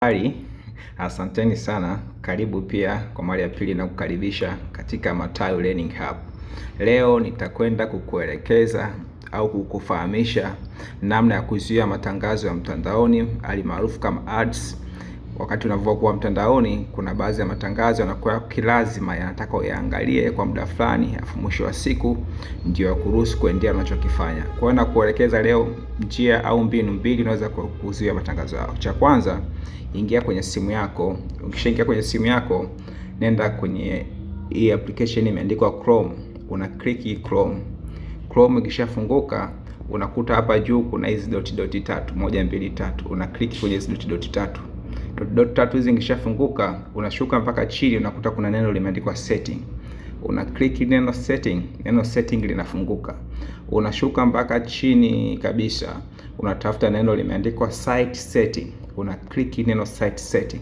Hali, asanteni sana, karibu pia kwa mara ya pili na kukaribisha katika Matayo Learning Hub. Leo nitakwenda kukuelekeza au kukufahamisha namna ya kuzuia matangazo ya mtandaoni alimaarufu kama ads wakati unavyokuwa mtandaoni, kuna baadhi ya matangazo yanakuwa kilazima yanataka uyaangalie kwa muda fulani, afu mwisho wa siku ndio yakuruhusu kuendea unachokifanya. Kwa hiyo nakuelekeza leo njia au mbinu mbili unaweza kuzuia matangazo yao. Cha kwanza, ingia kwenye simu yako. Ukishaingia kwenye simu yako, nenda kwenye hii application imeandikwa Chrome, una click Chrome. Chrome ikishafunguka unakuta hapa juu kuna hizi dot dot tatu, moja mbili tatu, una click kwenye hizi dot dot tatu dot tatu hizi ikishafunguka, unashuka mpaka chini, unakuta kuna neno limeandikwa setting. Una click neno setting, neno setting linafunguka. Unashuka mpaka chini kabisa, unatafuta neno limeandikwa site setting, una click neno site setting.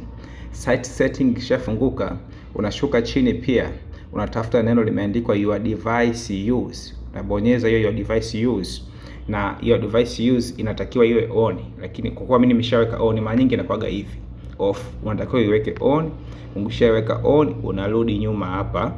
Site setting ikishafunguka, unashuka chini pia, unatafuta neno limeandikwa your device use, unabonyeza hiyo your device use na hiyo device use inatakiwa iwe on, lakini kwa kuwa mimi nimeshaweka on, mara nyingi inakuwaga hivi off, unatakiwa iweke on. Ukishaweka on, unarudi nyuma hapa.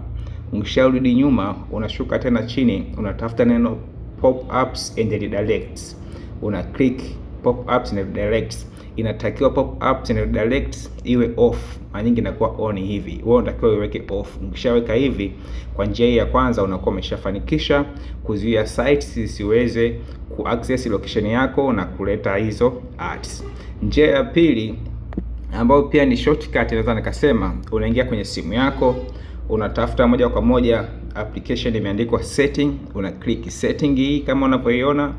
Ukisharudi nyuma, unashuka tena chini, unatafuta neno pop ups and redirects, una click pop ups and redirects. Inatakiwa pop ups and redirects iwe off, mara nyingi inakuwa on hivi. Wewe unatakiwa iweke off. Ukishaweka hivi, kwa njia hii ya kwanza unakuwa umeshafanikisha kuzuia sites zisiweze ku access location yako na kuleta hizo ads. Njia ya pili ambao pia ni shortcut naweza nikasema, unaingia kwenye simu yako, unatafuta moja kwa moja application imeandikwa setting, una click setting hii kama unapoiona.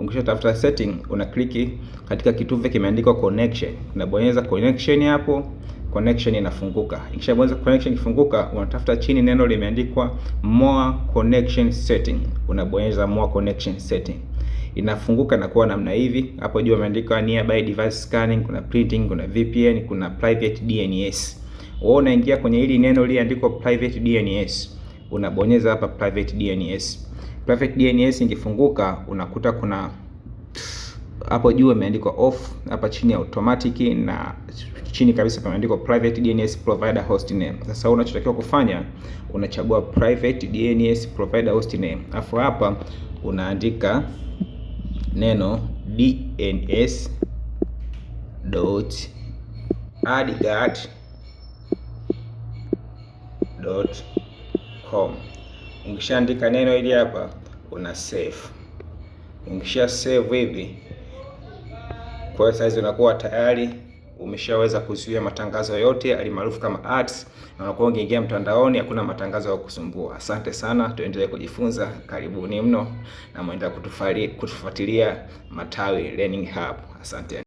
Ukishatafuta setting, una click katika kitufe kimeandikwa connection, unabonyeza connection hapo, connection inafunguka. Ikishabonyeza connection ikifunguka, unatafuta chini neno limeandikwa more connection setting, unabonyeza more connection setting inafunguka na kuwa namna hivi. Hapo juu ameandika nearby device scanning, kuna printing, kuna VPN, kuna private DNS. Wewe unaingia kwenye hili neno liliandikwa private DNS, unabonyeza hapa private DNS. Private DNS ingefunguka unakuta kuna hapo juu imeandikwa off, hapa chini ya automatic na chini kabisa pameandikwa private DNS provider host name. Sasa unachotakiwa kufanya unachagua private DNS provider host name, afu hapa unaandika neno DNS dot dot com. Ukishaandika neno hili hapa, una save. Ukisha save hivi, kwa hiyo saizi unakuwa tayari umeshaweza kuzuia matangazo yote alimaarufu kama ads, na unakuwa ungeingia mtandaoni, hakuna matangazo ya kusumbua. Asante sana, tuendelee kujifunza. Karibuni mno na mwendelea kutufuatilia Matawi Learning Hub. Asante.